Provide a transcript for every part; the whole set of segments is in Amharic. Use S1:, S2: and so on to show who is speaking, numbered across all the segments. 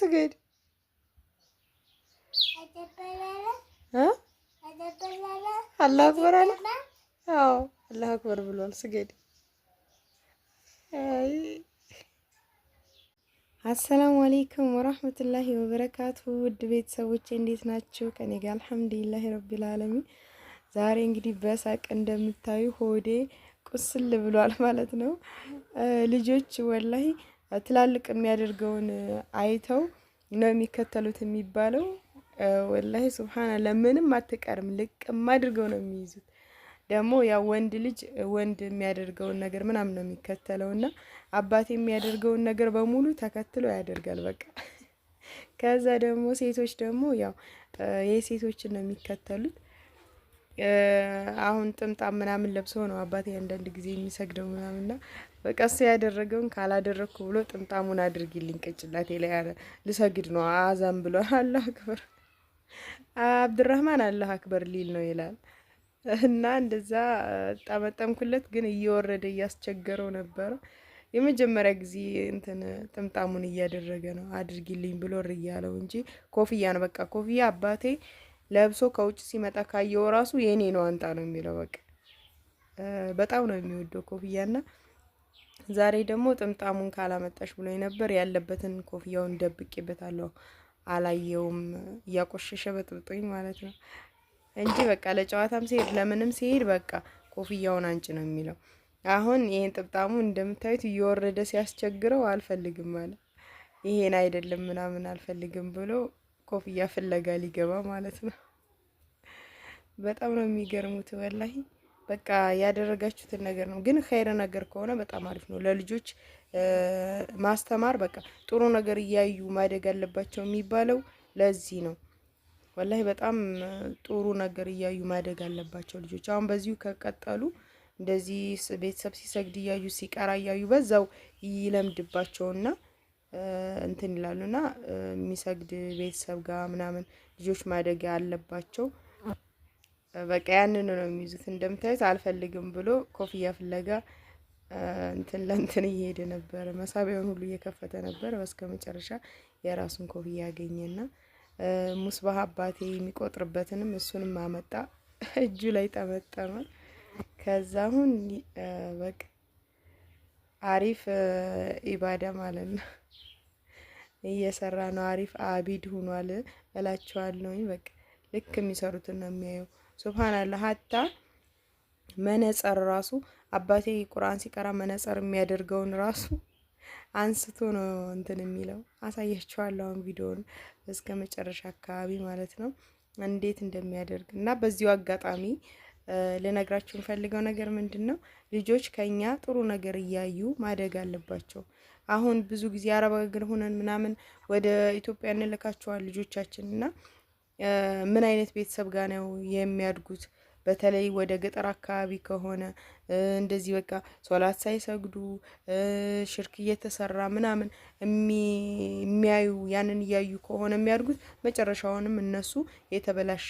S1: ስገድ አላህ አክበር አለ። አዎ አላህ አክበር ብሏል። ስገድ አሰላሙ አሌይኩም ወራህመቱላሂ ወበረካቱ ውድ ቤተሰቦች እንዴት ናቸው? ከኔ ጋር አልሐምዱሊላሂ ረቢል ዓለሚን። ዛሬ እንግዲህ በሳቅ እንደምታዩ ሆዴ ቁስል ብሏል ማለት ነው። ልጆች ወላሂ ትላልቅ የሚያደርገውን አይተው ነው የሚከተሉት የሚባለው ወላሂ ሱብሃና ለምንም አትቀርም፣ ልቅም አድርገው ነው የሚይዙት። ደግሞ ያው ወንድ ልጅ ወንድ የሚያደርገውን ነገር ምናምን ነው የሚከተለው እና አባት የሚያደርገውን ነገር በሙሉ ተከትሎ ያደርጋል። በቃ ከዛ ደግሞ ሴቶች ደግሞ ያው የሴቶችን ነው የሚከተሉት። አሁን ጥምጣም ምናምን ለብሶ ነው አባቴ አንዳንድ ጊዜ የሚሰግደው ምናምንና በቀስ ያደረገውን ካላደረግኩ ብሎ ጥምጣሙን አድርጊልኝ ቅጭላቴ ላይ ያለ ልሰግድ ነው አዛም ብሎ አላህ አክበር አብድራህማን አላህ አክበር ሊል ነው ይላል። እና እንደዛ ጠመጠምኩለት፣ ግን እየወረደ እያስቸገረው ነበረ። የመጀመሪያ ጊዜ እንትን ጥምጣሙን እያደረገ ነው አድርጊልኝ ብሎ እያለው እንጂ ኮፍያ ነው በቃ ኮፍያ አባቴ ለብሶ ከውጭ ሲመጣ ካየው ራሱ የኔ ነው አንጣ ነው የሚለው። በቃ በጣም ነው የሚወደው ኮፍያና ዛሬ ደግሞ ጥምጣሙን ካላመጣሽ ብሎ ነበር። ያለበትን ኮፍያውን ደብቄበታለሁ። አላየውም እያቆሸሸ በጥብጦኝ ማለት ነው እንጂ በቃ ለጨዋታም ሲሄድ ለምንም ሲሄድ በቃ ኮፍያውን አንጭ ነው የሚለው። አሁን ይሄን ጥብጣሙ እንደምታዩት እየወረደ ሲያስቸግረው አልፈልግም አለ። ይሄን አይደለም ምናምን አልፈልግም ብሎ ኮፍያ ፍለጋ ሊገባ ማለት ነው። በጣም ነው የሚገርሙት ወላሂ። በቃ ያደረጋችሁትን ነገር ነው። ግን ኸይረ ነገር ከሆነ በጣም አሪፍ ነው ለልጆች ማስተማር። በቃ ጥሩ ነገር እያዩ ማደግ አለባቸው የሚባለው ለዚህ ነው። ወላሂ በጣም ጥሩ ነገር እያዩ ማደግ አለባቸው ልጆች። አሁን በዚሁ ከቀጠሉ እንደዚህ ቤተሰብ ሲሰግድ እያዩ ሲቀራ እያዩ በዛው ይለምድባቸውና እንትን ና የሚሰግድ ቤተሰብ ጋር ምናምን ልጆች ማደግ አለባቸው። በቃ ያንን ነው የሚይዙት። እንደምታዩት አልፈልግም ብሎ ኮፍያ ፍለጋ እንትን ለእንትን እየሄደ ነበረ። መሳቢያውን ሁሉ እየከፈተ ነበር። በስከ መጨረሻ የራሱን ኮፍያ ያገኘና ሙስባህ አባቴ የሚቆጥርበትንም እሱንም አመጣ። እጁ ላይ ጠመጠመ። ከዛ አሁን በቃ አሪፍ ኢባዳ ማለት ነው እየሰራ ነው። አሪፍ አቢድ ሁኗል እላቸዋለሁኝ። በቃ ልክ የሚሰሩትን ነው የሚያየው። ሱብሃንአላህ ሀታ መነጸር ራሱ አባቴ ቁርአን ሲቀራ መነጸር የሚያደርገውን ራሱ አንስቶ ነው እንትን የሚለው። አሳያችኋለሁ አሁን ቪዲዮውን እስከ መጨረሻ አካባቢ ማለት ነው እንዴት እንደሚያደርግ እና በዚሁ አጋጣሚ ልነግራችሁ የምፈልገው ነገር ምንድን ነው፣ ልጆች ከኛ ጥሩ ነገር እያዩ ማደግ አለባቸው። አሁን ብዙ ጊዜ አረብ አገር ሆነን ምናምን ወደ ኢትዮጵያ እንልካቸዋል ልጆቻችን እና ምን አይነት ቤተሰብ ጋር ነው የሚያድጉት? በተለይ ወደ ገጠር አካባቢ ከሆነ እንደዚህ በቃ ሶላት ሳይሰግዱ ሽርክ እየተሰራ ምናምን የሚያዩ ያንን እያዩ ከሆነ የሚያድጉት መጨረሻውንም እነሱ የተበላሸ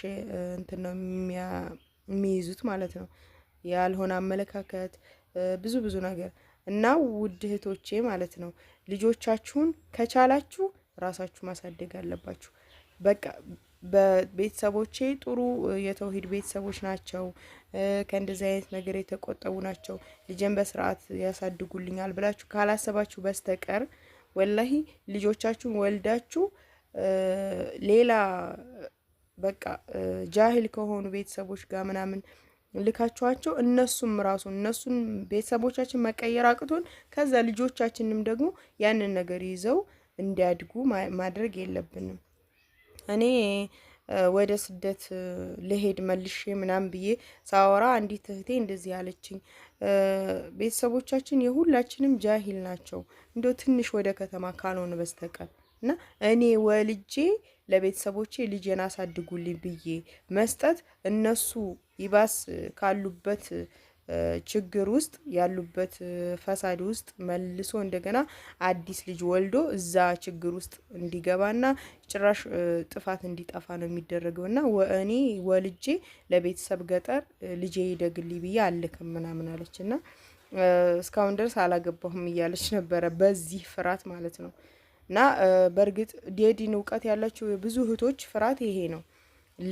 S1: እንትን ነው የሚይዙት ማለት ነው። ያልሆነ አመለካከት ብዙ ብዙ ነገር እና ውድ እህቶቼ ማለት ነው ልጆቻችሁን ከቻላችሁ ራሳችሁ ማሳደግ አለባችሁ። በቃ በቤተሰቦቼ ጥሩ የተውሂድ ቤተሰቦች ናቸው፣ ከእንደዚህ አይነት ነገር የተቆጠቡ ናቸው፣ ልጅን በስርዓት ያሳድጉልኛል ብላችሁ ካላሰባችሁ በስተቀር ወላሂ ልጆቻችሁን ወልዳችሁ ሌላ በቃ ጃሂል ከሆኑ ቤተሰቦች ጋር ምናምን ልካችኋቸው እነሱም ራሱ እነሱን ቤተሰቦቻችን መቀየር አቅቶን ከዛ ልጆቻችንም ደግሞ ያንን ነገር ይዘው እንዲያድጉ ማድረግ የለብንም። እኔ ወደ ስደት ልሄድ መልሼ ምናምን ብዬ ሳወራ አንዲት እህቴ እንደዚህ አለችኝ። ቤተሰቦቻችን የሁላችንም ጃሂል ናቸው እንደው ትንሽ ወደ ከተማ ካልሆነ በስተቀር እና እኔ ወልጄ ለቤተሰቦቼ ልጄን አሳድጉልኝ ብዬ መስጠት እነሱ ይባስ ካሉበት ችግር ውስጥ ያሉበት ፈሳድ ውስጥ መልሶ እንደገና አዲስ ልጅ ወልዶ እዛ ችግር ውስጥ እንዲገባና ጭራሽ ጥፋት እንዲጠፋ ነው የሚደረገው። እና እኔ ወልጄ ለቤተሰብ ገጠር ልጄ ይደግልኝ ብዬ አልክም ምናምን አለች እና እስካሁን ድረስ አላገባሁም እያለች ነበረ፣ በዚህ ፍርሃት ማለት ነው። እና በእርግጥ ዴዲን እውቀት ያላቸው ብዙ እህቶች ፍርሃት ይሄ ነው።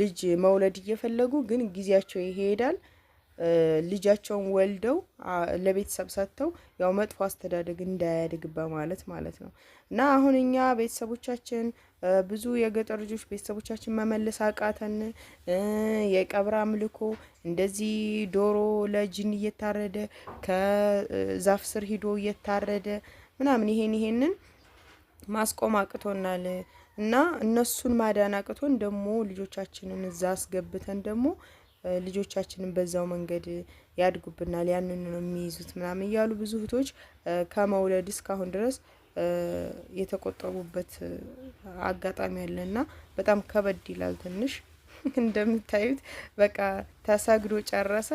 S1: ልጅ መውለድ እየፈለጉ ግን ጊዜያቸው ይሄዳል። ልጃቸውን ወልደው ለቤተሰብ ሰጥተው ያው መጥፎ አስተዳደግ እንዳያድግ በማለት ማለት ነው እና አሁን እኛ ቤተሰቦቻችን ብዙ የገጠር ልጆች ቤተሰቦቻችን መመለስ አቃተን። የቀብር አምልኮ እንደዚህ ዶሮ ለጅን እየታረደ ከዛፍ ስር ሂዶ እየታረደ ምናምን ይሄን ይሄንን ማስቆም አቅቶናል እና እነሱን ማዳን አቅቶን ደግሞ ልጆቻችንን እዛ አስገብተን ደግሞ ልጆቻችንን በዛው መንገድ ያድጉብናል፣ ያንን ነው የሚይዙት ምናምን እያሉ ብዙ እህቶች ከመውለድ እስካሁን ድረስ የተቆጠቡበት አጋጣሚ አለ እና በጣም ከበድ ይላል ትንሽ እንደምታዩት በቃ ተሰግዶ ጨረሰ።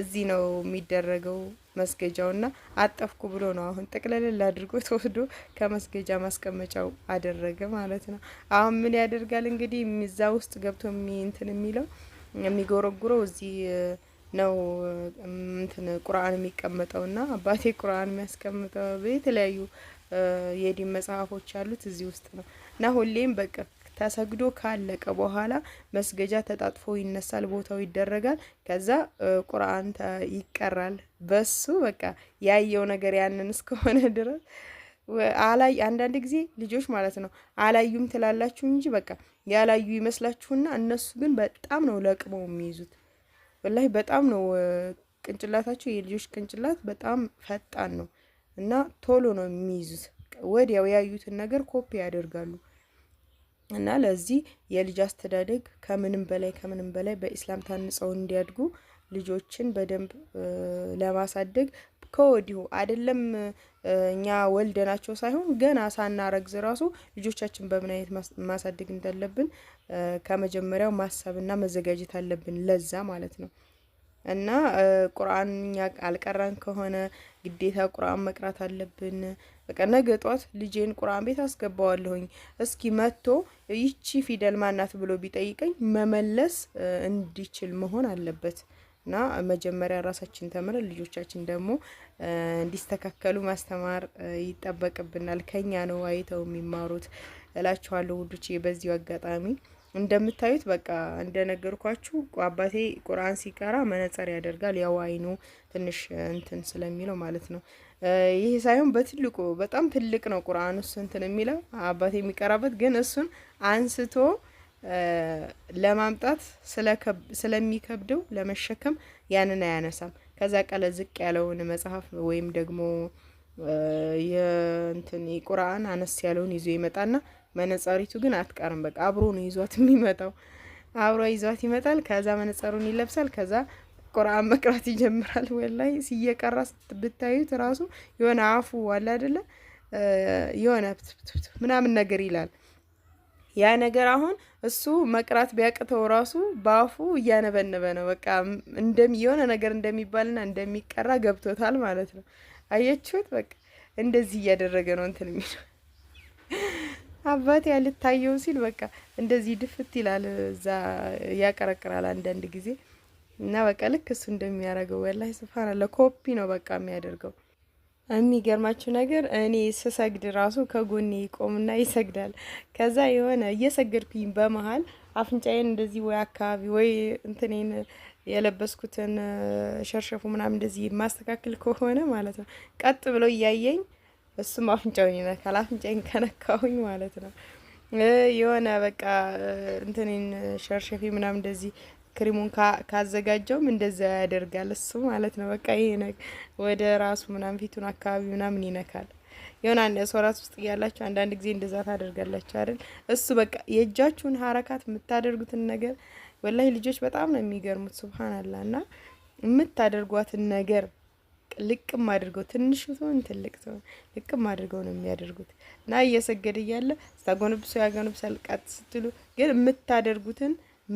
S1: እዚህ ነው የሚደረገው መስገጃው እና አጠፍኩ ብሎ ነው አሁን ጠቅለልል አድርጎ ተወስዶ ከመስገጃ ማስቀመጫው አደረገ ማለት ነው። አሁን ምን ያደርጋል እንግዲህ እዛ ውስጥ ገብቶ እንትን የሚለው የሚጎረጉረው እዚህ ነው እንትን ቁርአን የሚቀመጠው እና አባቴ ቁርአን የሚያስቀምጠው የተለያዩ የዲን መጽሐፎች ያሉት እዚህ ውስጥ ነው እና ሁሌም በቃ ተሰግዶ ካለቀ በኋላ መስገጃ ተጣጥፎ ይነሳል፣ ቦታው ይደረጋል። ከዛ ቁርአን ይቀራል። በሱ በቃ ያየው ነገር ያንን እስከሆነ ድረስ አላይ አንዳንድ ጊዜ ልጆች ማለት ነው አላዩም ትላላችሁ እንጂ በቃ ያላዩ ይመስላችሁና እነሱ ግን በጣም ነው ለቅመው የሚይዙት። ወላሂ በጣም ነው ቅንጭላታቸው፣ የልጆች ቅንጭላት በጣም ፈጣን ነው እና ቶሎ ነው የሚይዙት። ወዲያው ያዩትን ነገር ኮፒ ያደርጋሉ። እና ለዚህ የልጅ አስተዳደግ ከምንም በላይ ከምንም በላይ በኢስላም ታንጸው እንዲያድጉ ልጆችን በደንብ ለማሳደግ ከወዲሁ አይደለም እኛ ወልደናቸው ሳይሆን ገና ሳናረግዝ ራሱ ልጆቻችን በምን አይነት ማሳደግ እንዳለብን ከመጀመሪያው ማሰብና መዘጋጀት አለብን። ለዛ ማለት ነው። እና ቁርአን እኛ አልቀራን ከሆነ ግዴታ ቁርአን መቅራት አለብን። በቃ ነገ ጧት ልጄን ቁርአን ቤት አስገባዋለሁኝ እስኪ መጥቶ ይቺ ፊደል ማናት ብሎ ቢጠይቀኝ መመለስ እንዲችል መሆን አለበት እና መጀመሪያ ራሳችን ተምረን ልጆቻችን ደግሞ እንዲስተካከሉ ማስተማር ይጠበቅብናል። ከኛ ነው አይተው የሚማሩት እላችኋለሁ ውዶቼ። በዚሁ አጋጣሚ እንደምታዩት በቃ እንደነገርኳችሁ አባቴ ቁርአን ሲቀራ መነጸር ያደርጋል። ያው አይኑ ትንሽ እንትን ስለሚለው ማለት ነው። ይሄ ሳይሆን በትልቁ በጣም ትልቅ ነው ቁርአን ውስጥ እንትን የሚለው አባት የሚቀራበት ግን እሱን አንስቶ ለማምጣት ስለሚከብደው ለመሸከም ያንን አያነሳም። ከዛ ቀለ ዝቅ ያለውን መጽሐፍ ወይም ደግሞ የእንትን ቁርአን አነስ ያለውን ይዞ ይመጣና መነጸሪቱ ግን አትቀርም። በቃ አብሮ ነው ይዟት የሚመጣው። አብሮ ይዟት ይመጣል። ከዛ መነጸሩን ይለብሳል። ከዛ ቁርአን መቅራት ይጀምራል። ወላይ ሲየቀራ ብታዩት ራሱ የሆነ አፉ አለ አይደለ የሆነ ምናምን ነገር ይላል። ያ ነገር አሁን እሱ መቅራት ቢያቅተው ራሱ በአፉ እያነበነበ ነው። በቃ የሆነ ነገር እንደሚባልና እንደሚቀራ ገብቶታል ማለት ነው። አየችሁት? በቃ እንደዚህ እያደረገ ነው እንትን የሚለው አባቴ ያልታየው ሲል በቃ እንደዚህ ድፍት ይላል። እዛ ያቀረቅራል አንዳንድ ጊዜ እና በቃ ልክ እሱ እንደሚያደርገው ወላሂ ስብሃንአላህ ኮፒ ነው በቃ የሚያደርገው። የሚገርማችሁ ነገር እኔ ስሰግድ ራሱ ከጎኔ ይቆምና ይሰግዳል። ከዛ የሆነ እየሰገድኩኝ በመሀል አፍንጫዬን እንደዚህ ወይ አካባቢ ወይ እንትኔን የለበስኩትን ሸርሸፉ ምናምን እንደዚህ ማስተካከል ከሆነ ማለት ነው ቀጥ ብሎ እያየኝ እሱም አፍንጫውን ይነካል። አፍንጫዬን ከነካሁኝ ማለት ነው የሆነ በቃ እንትኔን ሸርሸፊ ምናምን እንደዚህ ክሪሙን ካዘጋጀውም እንደዚያ ያደርጋል እሱ ማለት ነው። በቃ ይሄ ወደ ራሱ ምናምን ፊቱን አካባቢ ምናምን ይነካል። የሆነ አንድ ሰው ራስ ውስጥ እያላችሁ አንዳንድ ጊዜ እንደዛ ታደርጋላችሁ አይደል? እሱ በቃ የእጃችሁን ሀረካት የምታደርጉትን ነገር ወላሂ ልጆች በጣም ነው የሚገርሙት። ሱብሃንአላህ እና የምታደርጓትን ነገር ልቅም አድርገው ትንሽ ሲሆን ትልቅ ሲሆን ልቅም አድርገው ነው የሚያደርጉት። እና እየሰገደ እያለ ስታጎነብሶ ያጎነብሳል። ቀጥ ስትሉ ግን የምታደርጉትን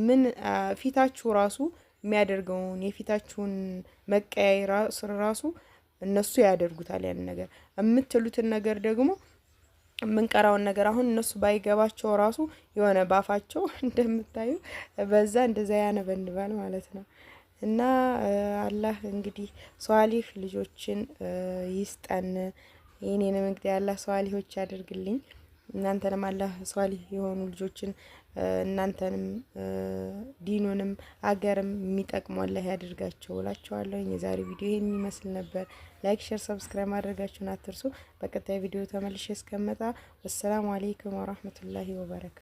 S1: ምን ፊታችሁ ራሱ የሚያደርገውን የፊታችሁን መቀያይ ራሱ እነሱ ያደርጉታል። ያን ነገር የምትሉትን ነገር ደግሞ የምንቀራውን ነገር አሁን እነሱ ባይገባቸው ራሱ የሆነ ባፋቸው እንደምታዩ በዛ እንደዛ ያነበንባል ማለት ነው። እና አላህ እንግዲህ ሷሊህ ልጆችን ይስጠን። የኔንም እንግዲህ አላህ ሷሊሆች ያደርግልኝ። እናንተንም አላህ ሷሊህ የሆኑ ልጆችን እናንተንም ዲኑንም አገርም የሚጠቅሙ አላህ ያድርጋቸው እላቸዋለሁ። የዛሬ ቪዲዮ ይሄን የሚመስል ነበር። ላይክ፣ ሼር፣ ሰብስክራይብ ማድረጋችሁን አትርሱ። በቀጣይ ቪዲዮ ተመልሼ እስከመጣ ወሰላሙ አሌይኩም ወራህመቱላሂ ወበረካቱ።